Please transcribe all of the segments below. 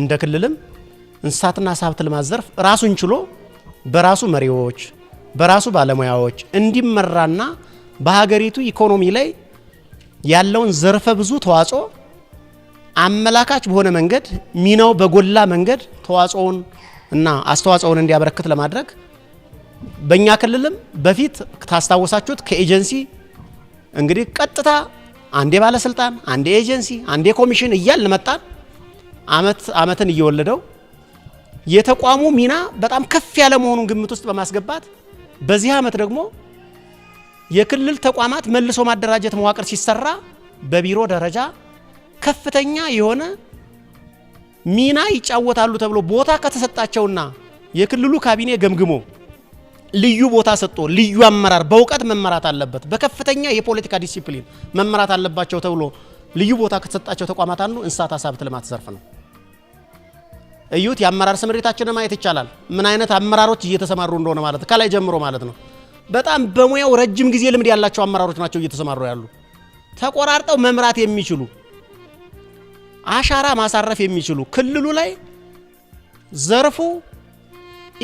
እንደ ክልልም እንስሳትና ዓሳ ሀብት ልማት ዘርፍ ራሱን ችሎ በራሱ መሪዎች በራሱ ባለሙያዎች እንዲመራና በሀገሪቱ ኢኮኖሚ ላይ ያለውን ዘርፈ ብዙ ተዋጽኦ አመላካች በሆነ መንገድ ሚናው በጎላ መንገድ ተዋጽኦውን እና አስተዋጽኦውን እንዲያበረክት ለማድረግ በእኛ ክልልም በፊት ታስታወሳችሁት ከኤጀንሲ እንግዲህ ቀጥታ አንዴ ባለስልጣን፣ አንዴ ኤጀንሲ፣ አንዴ ኮሚሽን እያልን መጣን። አመት አመትን እየወለደው የተቋሙ ሚና በጣም ከፍ ያለ መሆኑን ግምት ውስጥ በማስገባት በዚህ አመት ደግሞ የክልል ተቋማት መልሶ ማደራጀት መዋቅር ሲሰራ በቢሮ ደረጃ ከፍተኛ የሆነ ሚና ይጫወታሉ ተብሎ ቦታ ከተሰጣቸውና የክልሉ ካቢኔ ገምግሞ ልዩ ቦታ ሰጥቶ ልዩ አመራር በእውቀት መመራት አለበት፣ በከፍተኛ የፖለቲካ ዲሲፕሊን መመራት አለባቸው ተብሎ ልዩ ቦታ ከተሰጣቸው ተቋማት አንዱ እንስሳት ሀብት ልማት ዘርፍ ነው። እዩት። የአመራር ስምሪታችንን ማየት ይቻላል። ምን አይነት አመራሮች እየተሰማሩ እንደሆነ ማለት ከላይ ጀምሮ ማለት ነው። በጣም በሙያው ረጅም ጊዜ ልምድ ያላቸው አመራሮች ናቸው እየተሰማሩ ያሉ፣ ተቆራርጠው መምራት የሚችሉ አሻራ ማሳረፍ የሚችሉ ክልሉ ላይ ዘርፉ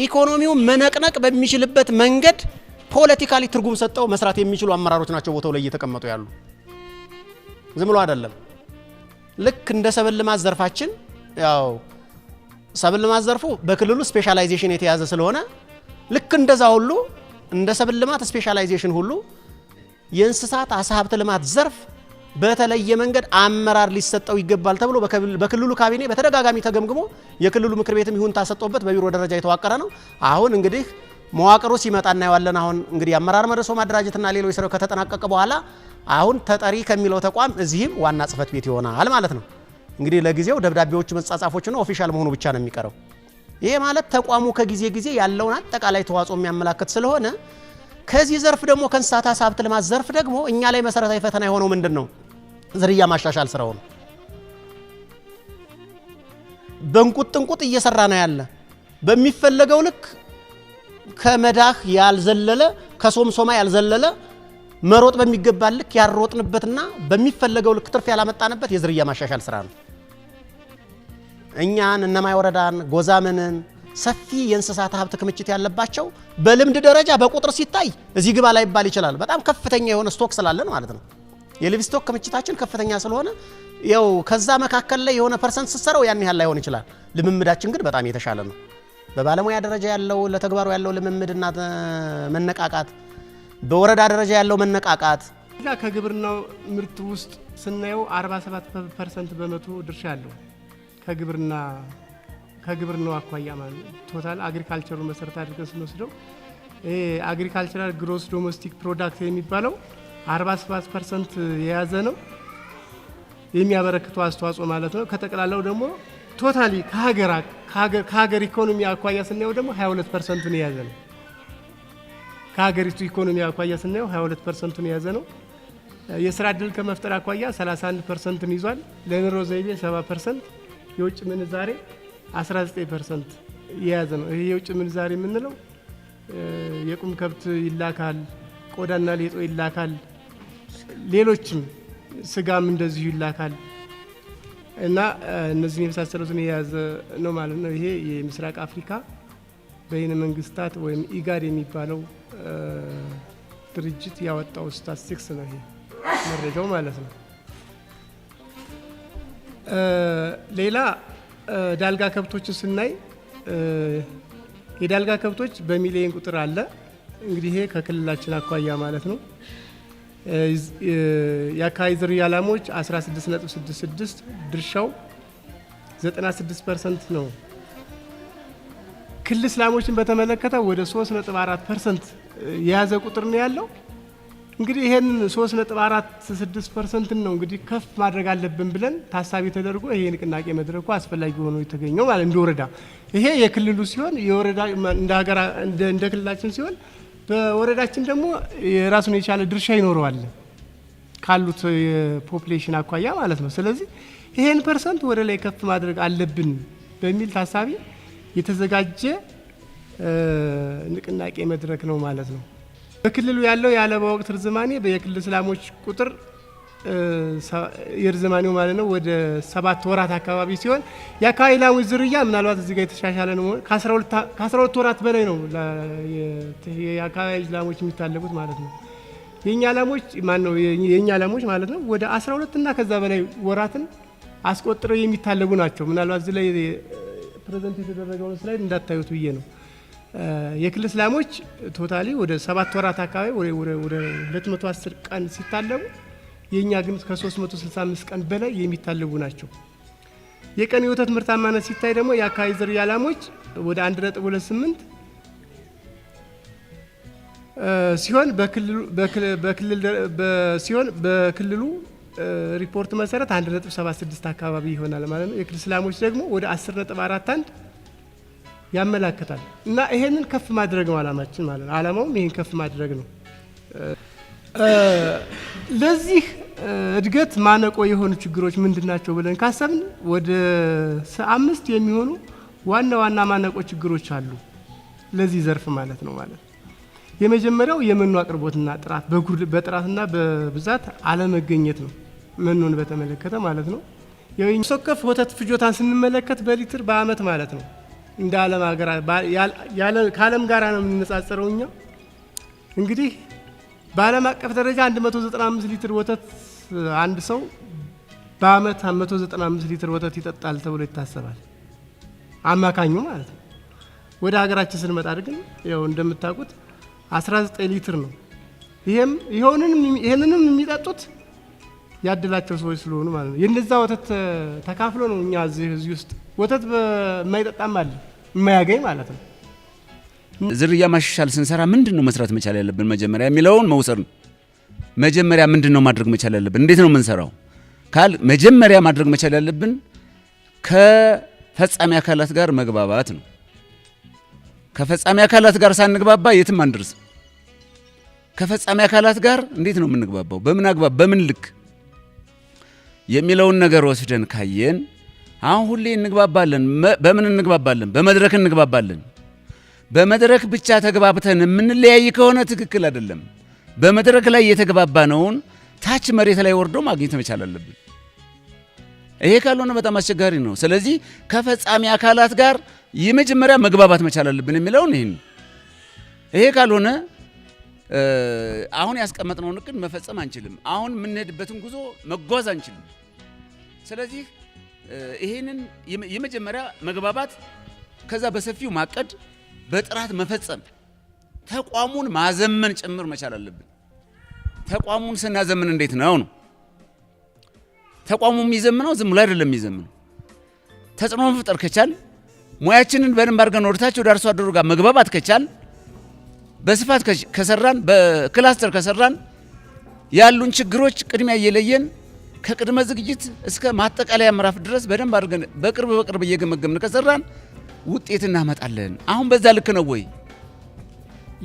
ኢኮኖሚው መነቅነቅ በሚችልበት መንገድ ፖለቲካሊ ትርጉም ሰጠው መስራት የሚችሉ አመራሮች ናቸው ቦታው ላይ እየተቀመጡ ያሉ። ዝም ብሎ አይደለም። ልክ እንደ ሰብል ልማት ዘርፋችን ያው ሰብል ልማት ዘርፉ በክልሉ ስፔሻላይዜሽን የተያዘ ስለሆነ ልክ እንደዛ ሁሉ እንደ ሰብል ልማት ስፔሻላይዜሽን ሁሉ የእንስሳት አሳ ሀብት ልማት ዘርፍ በተለየ መንገድ አመራር ሊሰጠው ይገባል ተብሎ በክልሉ ካቢኔ በተደጋጋሚ ተገምግሞ የክልሉ ምክር ቤትም ይሁን ታሰጠውበት በቢሮ ደረጃ የተዋቀረ ነው። አሁን እንግዲህ መዋቅሩ ሲመጣ እናየዋለን። አሁን እንግዲህ አመራር መልሶ ማደራጀትና ሌሎች ስራው ከተጠናቀቀ በኋላ አሁን ተጠሪ ከሚለው ተቋም እዚህም ዋና ጽህፈት ቤት ይሆናል ማለት ነው። እንግዲህ ለጊዜው ደብዳቤዎቹ መጻጻፎችና ኦፊሻል መሆኑ ብቻ ነው የሚቀረው። ይሄ ማለት ተቋሙ ከጊዜ ጊዜ ያለውን አጠቃላይ ተዋጽኦ የሚያመላክት ስለሆነ ከዚህ ዘርፍ ደግሞ ከእንስሳት ዓሳ ሀብት ልማት ዘርፍ ደግሞ እኛ ላይ መሰረታዊ ፈተና የሆነው ምንድን ነው? ዝርያ ማሻሻል ስራው ነው። በእንቁጥ እንቁጥ እየሰራ ነው ያለ በሚፈለገው ልክ ከመዳህ ያልዘለለ ከሶምሶማ ያልዘለለ መሮጥ በሚገባ ልክ ያሮጥንበትና በሚፈለገው ልክ ትርፍ ያላመጣንበት የዝርያ ማሻሻል ስራ ነው። እኛን እነማይ ወረዳን ጎዛምንን ሰፊ የእንስሳት ሀብት ክምችት ያለባቸው በልምድ ደረጃ በቁጥር ሲታይ እዚህ ግባ ላይ ይባል ይችላል። በጣም ከፍተኛ የሆነ ስቶክ ስላለን ማለት ነው። ስቶክ ክምችታችን ከፍተኛ ስለሆነ ያው ከዛ መካከል ላይ የሆነ ፐርሰንት ስትሰረው ያን ያህል ላይሆን ይችላል። ልምምዳችን ግን በጣም የተሻለ ነው። በባለሙያ ደረጃ ያለው ለተግባሩ ያለው ልምምድና መነቃቃት፣ በወረዳ ደረጃ ያለው መነቃቃት ከግብርናው ምርት ውስጥ ስናየው 47 ፐርሰንት በመቶ ድርሻ አለው። ከግብርና ከግብርናው አኳያ ማለት ቶታል አግሪካልቸሩን መሰረት አድርገን ስንወስደው አግሪካልቸራል ግሮስ ዶሜስቲክ ፕሮዳክት የሚባለው 47 ፐርሰንት የያዘ ነው የሚያበረክተው አስተዋጽኦ ማለት ነው። ከጠቅላላው ደግሞ ቶታሊ ከሀገር ኢኮኖሚ አኳያ ስናየው ደግሞ 22 ፐርሰንቱን የያዘ ነው። ከሀገሪቱ ኢኮኖሚ አኳያ ስናየው 22 ፐርሰንቱን የያዘ ነው። የስራ እድል ከመፍጠር አኳያ 31 ፐርሰንትን ይዟል። ለኑሮ ዘይቤ 7 ፐርሰንት የውጭ ምንዛሬ 19 ፐርሰንት የያዘ ነው። ይህ የውጭ ምንዛሬ የምንለው የቁም ከብት ይላካል፣ ቆዳና ሌጦ ይላካል፣ ሌሎችም ስጋም እንደዚሁ ይላካል እና እነዚህን የመሳሰሉትን የያዘ ነው ማለት ነው። ይሄ የምስራቅ አፍሪካ በይነ መንግስታት ወይም ኢጋድ የሚባለው ድርጅት ያወጣው ስታትስቲክስ ነው ይሄ መረጃው ማለት ነው። ሌላ ዳልጋ ከብቶችን ስናይ የዳልጋ ከብቶች በሚሊየን ቁጥር አለ። እንግዲህ ይሄ ከክልላችን አኳያ ማለት ነው። የአካባቢ ዝርያ ላሞች 16.66 ድርሻው 96 ፐርሰንት ነው። ክልስ ላሞችን በተመለከተ ወደ 3.4 ፐርሰንት የያዘ ቁጥር ነው ያለው። እንግዲህ ይሄን 3.46 ፐርሰንት ነው እንግዲህ ከፍ ማድረግ አለብን ብለን ታሳቢ ተደርጎ ይሄ ንቅናቄ መድረኩ አስፈላጊ ሆኖ የተገኘው ማለት እንደወረዳ ወረዳ ይሄ የክልሉ ሲሆን የወረዳ እንደ ሀገራ እንደ ክልላችን ሲሆን በወረዳችን ደግሞ የራሱን የቻለ ድርሻ ይኖረዋል ካሉት የፖፕሌሽን አኳያ ማለት ነው። ስለዚህ ይሄን ፐርሰንት ወደ ላይ ከፍ ማድረግ አለብን በሚል ታሳቢ የተዘጋጀ ንቅናቄ መድረክ ነው ማለት ነው። በክልሉ ያለው የአለባ ወቅት ርዝማኔ የክልል እስላሞች ቁጥር የርዝማኔው ማለት ነው ወደ ሰባት ወራት አካባቢ ሲሆን የአካባቢ ላሞች ዝርያ ምናልባት እዚህ ጋር የተሻሻለ ነው። ከ12 ወራት በላይ ነው የአካባቢ ላሞች የሚታለቁት ማለት ነው። የእኛ ላሞች ማነው የእኛ ላሞች ማለት ነው ወደ አስራ ሁለት እና ከዛ በላይ ወራትን አስቆጥረው የሚታለጉ ናቸው። ምናልባት እዚህ ላይ ፕሬዘንት የተደረገውን ስላይድ እንዳታዩት ብዬ ነው። የክልል እስላሞች ቶታሊ ወደ ሰባት ወራት አካባቢ ወደ 210 ቀን ሲታለቡ የእኛ ግን ከ365 ቀን በላይ የሚታለቡ ናቸው። የቀን የወተት ምርታማነት ሲታይ ደግሞ የአካባቢ ዝርያ ላሞች ወደ 1.28 ሲሆን ሲሆን በክልሉ ሪፖርት መሰረት 1.76 አካባቢ ይሆናል ማለት ነው። የክልል ላሞች ደግሞ ወደ 10.41 ያመላክታል እና ይሄንን ከፍ ማድረግ ነው አላማችን ማለት ነው። አላማውም ይሄን ከፍ ማድረግ ነው። ለዚህ እድገት ማነቆ የሆኑ ችግሮች ምንድን ናቸው ብለን ካሰብን ወደ አምስት የሚሆኑ ዋና ዋና ማነቆ ችግሮች አሉ። ለዚህ ዘርፍ ማለት ነው ማለት የመጀመሪያው የመኖ አቅርቦትና ጥራት በጥራትና በብዛት አለመገኘት ነው። መኖን በተመለከተ ማለት ነው የሶከፍ ወተት ፍጆታን ስንመለከት በሊትር በአመት ማለት ነው እንደ ዓለም ሀገር ከዓለም ጋር ነው የምንነጻጸረው። እኛ እንግዲህ በዓለም አቀፍ ደረጃ 195 ሊትር ወተት አንድ ሰው በአመት 195 ሊትር ወተት ይጠጣል ተብሎ ይታሰባል። አማካኙ ማለት ነው። ወደ ሀገራችን ስንመጣ ግን ያው እንደምታውቁት 19 ሊትር ነው። ይሄም ይሄንንም የሚጠጡት ያደላቸው ሰዎች ስለሆኑ ማለት ነው። የነዛ ወተት ተካፍሎ ነው እኛ እዚህ እዚህ ውስጥ ወተት የማይጠጣም አለ የማያገኝ ማለት ነው። ዝርያ ማሻሻል ስንሰራ ምንድን ነው መስራት መቻል ያለብን መጀመሪያ የሚለውን መውሰድ ነው። መጀመሪያ ምንድን ነው ማድረግ መቻል ያለብን? እንዴት ነው የምንሰራው ካል መጀመሪያ ማድረግ መቻል ያለብን ከፈጻሚ አካላት ጋር መግባባት ነው። ከፈጻሚ አካላት ጋር ሳንግባባ የትም አንደርስ። ከፈጻሚ አካላት ጋር እንዴት ነው የምንግባባው? በምን አግባብ በምን ልክ የሚለውን ነገር ወስደን ካየን አሁን ሁሌ እንግባባለን። በምን እንግባባለን? በመድረክ እንግባባለን። በመድረክ ብቻ ተግባብተን የምንለያይ ከሆነ ትክክል አይደለም። በመድረክ ላይ የተግባባነውን ታች መሬት ላይ ወርዶ ማግኘት መቻል አለብን። ይሄ ካልሆነ በጣም አስቸጋሪ ነው። ስለዚህ ከፈጻሚ አካላት ጋር የመጀመሪያ መግባባት መቻል አለብን የሚለውን ይህን ይሄ ካልሆነ አሁን ያስቀመጥነውን እቅድ መፈጸም አንችልም። አሁን የምንሄድበትን ጉዞ መጓዝ አንችልም። ስለዚህ ይሄንን የመጀመሪያ መግባባት፣ ከዛ በሰፊው ማቀድ፣ በጥራት መፈጸም፣ ተቋሙን ማዘመን ጭምር መቻል አለብን። ተቋሙን ስናዘምን እንዴት ነው ነው ተቋሙ የሚዘምነው ዝም ብሎ አይደለም የሚዘምነው። ተጽዕኖ መፍጠር ከቻል ሙያችንን በደንብ አድርገን ወደታች ወደ አርሶ አደሩ ጋር መግባባት ከቻል በስፋት ከሰራን በክላስተር ከሰራን ያሉን ችግሮች ቅድሚያ እየለየን ከቅድመ ዝግጅት እስከ ማጠቃለያ ምዕራፍ ድረስ በደንብ አድርገን በቅርብ በቅርብ እየገመገምን ከሰራን ውጤት እናመጣለን። አሁን በዛ ልክ ነው ወይ?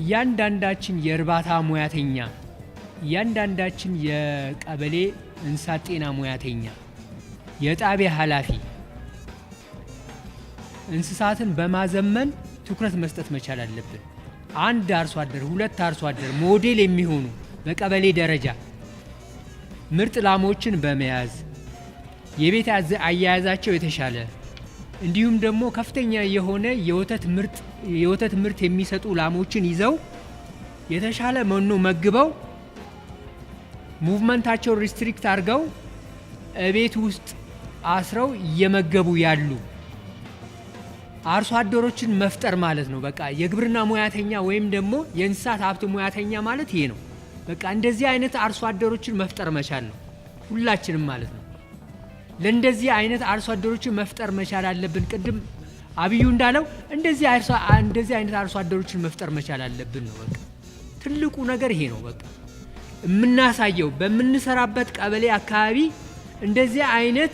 እያንዳንዳችን የእርባታ ሙያተኛ፣ እያንዳንዳችን የቀበሌ እንስሳት ጤና ሙያተኛ፣ የጣቢያ ኃላፊ እንስሳትን በማዘመን ትኩረት መስጠት መቻል አለብን። አንድ አርሶ አደር ሁለት አርሶ አደር ሞዴል የሚሆኑ በቀበሌ ደረጃ ምርጥ ላሞችን በመያዝ የቤት አያያዛቸው የተሻለ እንዲሁም ደግሞ ከፍተኛ የሆነ የወተት ምርት የሚሰጡ ላሞችን ይዘው የተሻለ መኖ መግበው ሙቭመንታቸውን ሪስትሪክት አድርገው እቤት ውስጥ አስረው እየመገቡ ያሉ አርሶ አደሮችን መፍጠር ማለት ነው። በቃ የግብርና ሙያተኛ ወይም ደግሞ የእንስሳት ሀብት ሙያተኛ ማለት ይሄ ነው። በቃ እንደዚህ አይነት አርሶ አደሮችን መፍጠር መቻል ነው ሁላችንም ማለት ነው። ለእንደዚህ አይነት አርሶ አደሮችን መፍጠር መቻል አለብን። ቅድም አብዩ እንዳለው እንደዚህ አይነት አርሶ አደሮችን መፍጠር መቻል አለብን ነው በቃ ትልቁ ነገር ይሄ ነው። በቃ የምናሳየው በምንሰራበት ቀበሌ አካባቢ እንደዚህ አይነት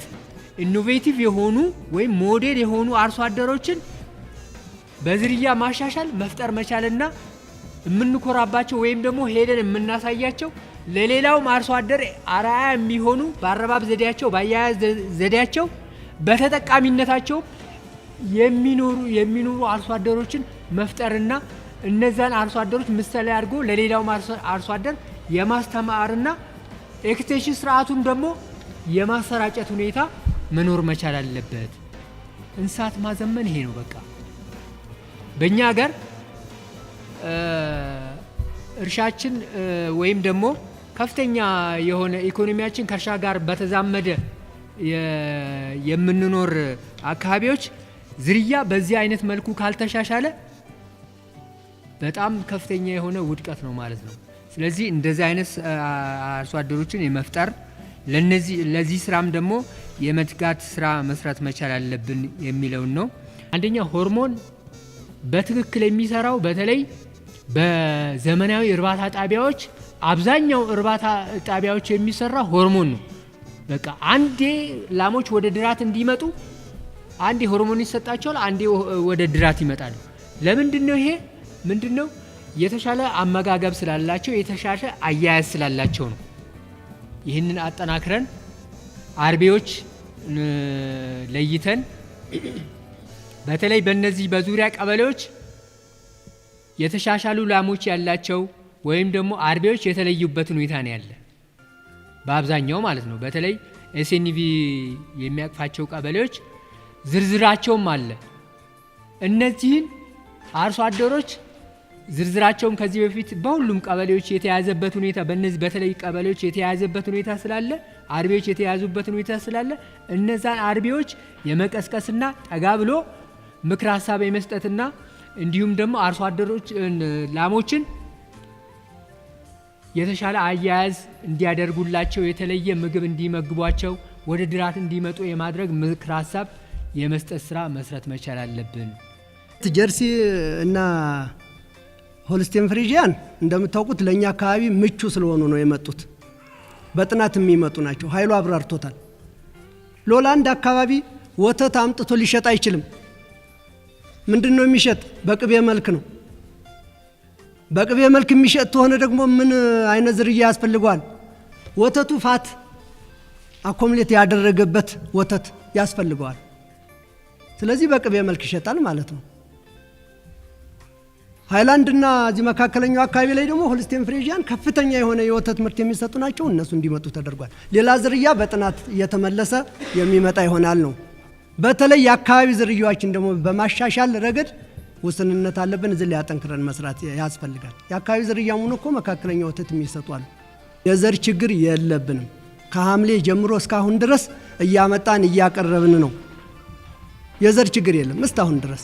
ኢኖቬቲቭ የሆኑ ወይም ሞዴል የሆኑ አርሶ አደሮችን በዝርያ ማሻሻል መፍጠር መቻልና የምንኮራባቸው ወይም ደግሞ ሄደን የምናሳያቸው ለሌላውም አርሶ አደር አርአያ የሚሆኑ በአረባብ ዘዴያቸው፣ በአያያዝ ዘዴያቸው፣ በተጠቃሚነታቸው የሚኖሩ የሚኖሩ አርሶ አደሮችን መፍጠርና እነዛን አርሶ አደሮች ምሳሌ አድርጎ ለሌላውም አርሶ አደር የማስተማርና ኤክስቴንሽን ስርዓቱን ደግሞ የማሰራጨት ሁኔታ መኖር መቻል አለበት። እንስሳት ማዘመን ይሄ ነው በቃ። በእኛ ሀገር እርሻችን ወይም ደግሞ ከፍተኛ የሆነ ኢኮኖሚያችን ከእርሻ ጋር በተዛመደ የምንኖር አካባቢዎች ዝርያ በዚህ አይነት መልኩ ካልተሻሻለ በጣም ከፍተኛ የሆነ ውድቀት ነው ማለት ነው። ስለዚህ እንደዚህ አይነት አርሶ አደሮችን የመፍጠር ለዚህ ስራም ደግሞ የመትጋት ስራ መስራት መቻል አለብን የሚለውን ነው። አንደኛ ሆርሞን በትክክል የሚሰራው በተለይ በዘመናዊ እርባታ ጣቢያዎች አብዛኛው እርባታ ጣቢያዎች የሚሰራ ሆርሞን ነው። በቃ አንዴ ላሞች ወደ ድራት እንዲመጡ አንዴ ሆርሞን ይሰጣቸዋል፣ አንዴ ወደ ድራት ይመጣሉ። ለምንድን ነው ይሄ? ምንድን ነው የተሻለ አመጋገብ ስላላቸው የተሻለ አያያዝ ስላላቸው ነው። ይህንን አጠናክረን አርቢዎች ለይተን በተለይ በእነዚህ በዙሪያ ቀበሌዎች የተሻሻሉ ላሞች ያላቸው ወይም ደግሞ አርቢዎች የተለዩበት ሁኔታ ነው ያለ በአብዛኛው ማለት ነው። በተለይ ኤስኒቪ የሚያቅፋቸው ቀበሌዎች ዝርዝራቸውም አለ። እነዚህን አርሶ አደሮች ዝርዝራቸውም ከዚህ በፊት በሁሉም ቀበሌዎች የተያዘበት ሁኔታ በነዚህ በተለይ ቀበሌዎች የተያዘበት ሁኔታ ስላለ አርቢዎች የተያዙበት ሁኔታ ስላለ እነዛን አርቢዎች የመቀስቀስና ጠጋ ብሎ ምክር ሀሳብ የመስጠትና እንዲሁም ደግሞ አርሶ አደሮች ላሞችን የተሻለ አያያዝ እንዲያደርጉላቸው የተለየ ምግብ እንዲመግቧቸው ወደ ድራት እንዲመጡ የማድረግ ምክር ሀሳብ የመስጠት ስራ መስረት መቻል አለብን። ጀርሲ እና ሆልስቴን ፍሪዥያን እንደምታውቁት ለእኛ አካባቢ ምቹ ስለሆኑ ነው የመጡት። በጥናት የሚመጡ ናቸው። ኃይሉ አብራርቶታል። ሎላንድ አካባቢ ወተት አምጥቶ ሊሸጥ አይችልም። ምንድን ነው የሚሸጥ? በቅቤ መልክ ነው። በቅቤ መልክ የሚሸጥ ከሆነ ደግሞ ምን አይነት ዝርያ ያስፈልገዋል? ወተቱ ፋት አኮምሌት ያደረገበት ወተት ያስፈልገዋል። ስለዚህ በቅቤ መልክ ይሸጣል ማለት ነው። ሃይላንድና እዚህ መካከለኛው አካባቢ ላይ ደግሞ ሆልስቴን ፍሬዥያን ከፍተኛ የሆነ የወተት ምርት የሚሰጡ ናቸው። እነሱ እንዲመጡ ተደርጓል። ሌላ ዝርያ በጥናት እየተመለሰ የሚመጣ ይሆናል ነው። በተለይ የአካባቢ ዝርያዎችን ደግሞ በማሻሻል ረገድ ውስንነት አለብን። እዚህ ላይ አጠንክረን መስራት ያስፈልጋል። የአካባቢ ዝርያ ሙኑ እኮ መካከለኛ ወተት የሚሰጡ አሉ። የዘር ችግር የለብንም። ከሐምሌ ጀምሮ እስካሁን ድረስ እያመጣን እያቀረብን ነው። የዘር ችግር የለም እስካሁን ድረስ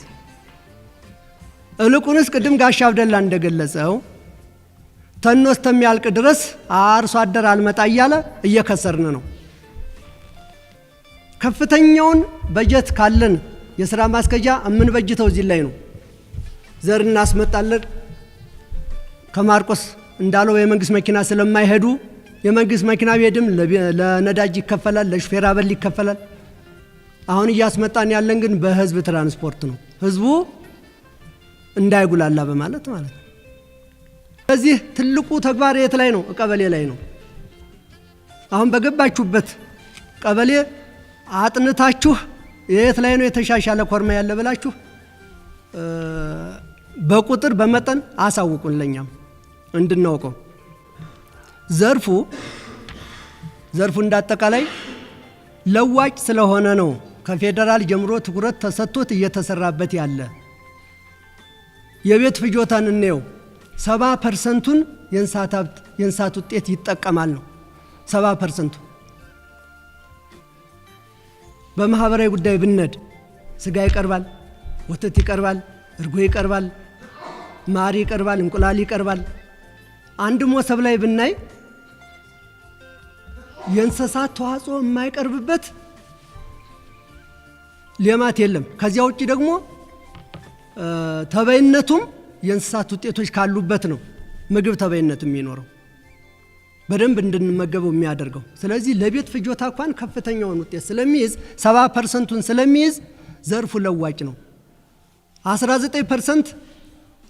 እልቁንስ ቅድም ጋሻ አብደላ እንደገለጸው ተኖ እስከሚያልቅ ድረስ አርሶ አደር አልመጣ እያለ እየከሰርን ነው። ከፍተኛውን በጀት ካለን የስራ ማስኬጃ የምንበጅተው እዚህ ላይ ነው። ዘር እናስመጣለን። ከማርቆስ እንዳለው የመንግስት መኪና ስለማይሄዱ የመንግስት መኪና ቤድም ለነዳጅ ይከፈላል፣ ለሹፌር አበል ይከፈላል። አሁን እያስመጣን ያለን ግን በህዝብ ትራንስፖርት ነው። ህዝቡ እንዳይጉላላ በማለት ማለት ነው። ስለዚህ ትልቁ ተግባር የት ላይ ነው? ቀበሌ ላይ ነው። አሁን በገባችሁበት ቀበሌ አጥንታችሁ የት ላይ ነው የተሻሻለ ኮርማ ያለ ብላችሁ በቁጥር በመጠን አሳውቁን፣ ለኛም እንድናውቀው። ዘርፉ ዘርፉ እንዳጠቃላይ ለዋጭ ስለሆነ ነው ከፌዴራል ጀምሮ ትኩረት ተሰጥቶት እየተሰራበት ያለ የቤት ፍጆታን እንየው። ሰባ ፐርሰንቱን የእንስሳት ሀብት የእንስሳት ውጤት ይጠቀማል ነው ሰባ ፐርሰንቱ። በማህበራዊ ጉዳይ ብነድ ስጋ ይቀርባል፣ ወተት ይቀርባል፣ እርጎ ይቀርባል፣ ማር ይቀርባል፣ እንቁላል ይቀርባል። አንድ ሞሰብ ላይ ብናይ የእንስሳት ተዋጽኦ የማይቀርብበት ሌማት የለም። ከዚያ ውጭ ደግሞ ተበይነቱም የእንስሳት ውጤቶች ካሉበት ነው ምግብ ተበይነት የሚኖረው በደንብ እንድንመገበው የሚያደርገው። ስለዚህ ለቤት ፍጆታ እንኳን ከፍተኛውን ውጤት ስለሚይዝ ሰባ ፐርሰንቱን ስለሚይዝ ዘርፉ ለዋጭ ነው። 19 ፐርሰንት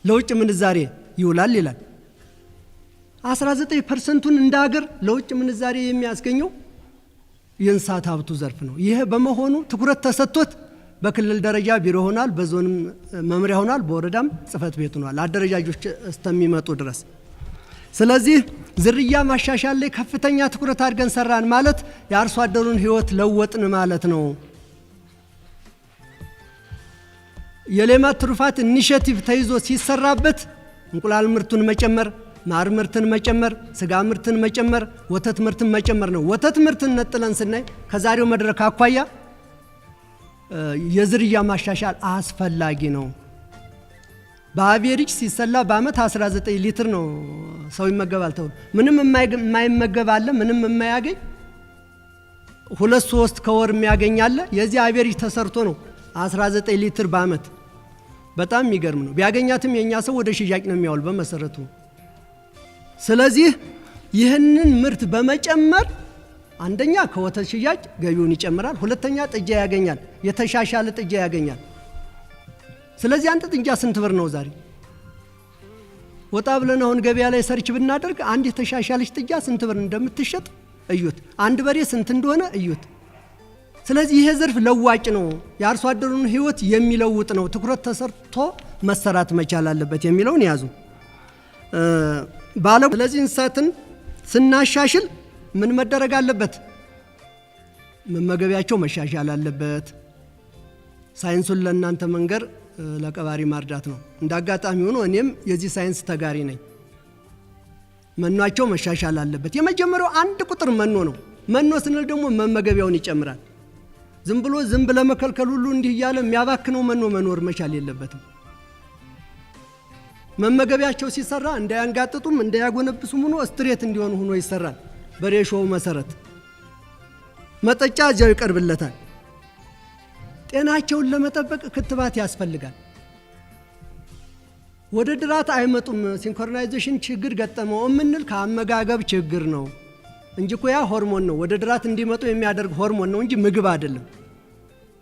ለውጭ ምንዛሬ ይውላል ይላል። 19 ፐርሰንቱን እንደ አገር ለውጭ ምንዛሬ የሚያስገኘው የእንስሳት ሀብቱ ዘርፍ ነው። ይሄ በመሆኑ ትኩረት ተሰጥቶት በክልል ደረጃ ቢሮ ሆኗል፣ በዞንም መምሪያ ሆኗል፣ በወረዳም ጽህፈት ቤት ሆኗል። አደረጃጆች እስተሚመጡ ድረስ ስለዚህ ዝርያ ማሻሻል ላይ ከፍተኛ ትኩረት አድርገን ሰራን ማለት የአርሶ አደሩን ህይወት ለወጥን ማለት ነው። የሌማት ትሩፋት ኢኒሽቲቭ ተይዞ ሲሰራበት እንቁላል ምርቱን መጨመር፣ ማር ምርትን መጨመር፣ ስጋ ምርትን መጨመር፣ ወተት ምርትን መጨመር ነው። ወተት ምርትን ነጥለን ስናይ ከዛሬው መድረክ አኳያ የዝርያ ማሻሻል አስፈላጊ ነው። በአቬሪጅ ሲሰላ በአመት 19 ሊትር ነው ሰው ይመገባል ተብሎ ምንም የማይመገብ አለ፣ ምንም የማያገኝ ሁለት ሶስት ከወር የሚያገኝ አለ። የዚህ አቬሪጅ ተሰርቶ ነው 19 ሊትር በአመት በጣም የሚገርም ነው። ቢያገኛትም የእኛ ሰው ወደ ሽያጭ ነው የሚያውል በመሰረቱ። ስለዚህ ይህንን ምርት በመጨመር አንደኛ ከወተት ሽያጭ ገቢውን ይጨምራል። ሁለተኛ ጥጃ ያገኛል፣ የተሻሻለ ጥጃ ያገኛል። ስለዚህ አንድ ጥጃ ስንት ብር ነው ዛሬ? ወጣ ብለን አሁን ገበያ ላይ ሰርች ብናደርግ አንድ የተሻሻለች ጥጃ ስንት ብር እንደምትሸጥ እዩት። አንድ በሬ ስንት እንደሆነ እዩት። ስለዚህ ይሄ ዘርፍ ለዋጭ ነው፣ የአርሶ አደሩን ህይወት የሚለውጥ ነው። ትኩረት ተሰርቶ መሰራት መቻል አለበት የሚለውን ያዙ ባለ ስለዚህ እንስሳትን ስናሻሽል ምን መደረግ አለበት? መመገቢያቸው መሻሻል አለበት። ሳይንሱን ለእናንተ መንገር ለቀባሪ ማርዳት ነው። እንደ አጋጣሚ ሆኖ እኔም የዚህ ሳይንስ ተጋሪ ነኝ። መኗቸው መሻሻል አለበት። የመጀመሪያው አንድ ቁጥር መኖ ነው። መኖ ስንል ደግሞ መመገቢያውን ይጨምራል። ዝም ብሎ ዝም መከልከል ሁሉ እንዲህ እያለ የሚያባክነው መኖ መኖር መቻል የለበትም። መመገቢያቸው ሲሰራ እንዳያንጋጥጡም እንዳያጎነብሱም ሆኖ ስትሬት እንዲሆኑ ሆኖ ይሰራል። በሬሾው መሰረት መጠጫ እዚያው ይቀርብለታል። ጤናቸውን ለመጠበቅ ክትባት ያስፈልጋል። ወደ ድራት አይመጡም። ሲንክሮናይዜሽን ችግር ገጠመው የምንል ከአመጋገብ ችግር ነው እንጂ እኮ ያ ሆርሞን ነው። ወደ ድራት እንዲመጡ የሚያደርግ ሆርሞን ነው እንጂ ምግብ አይደለም።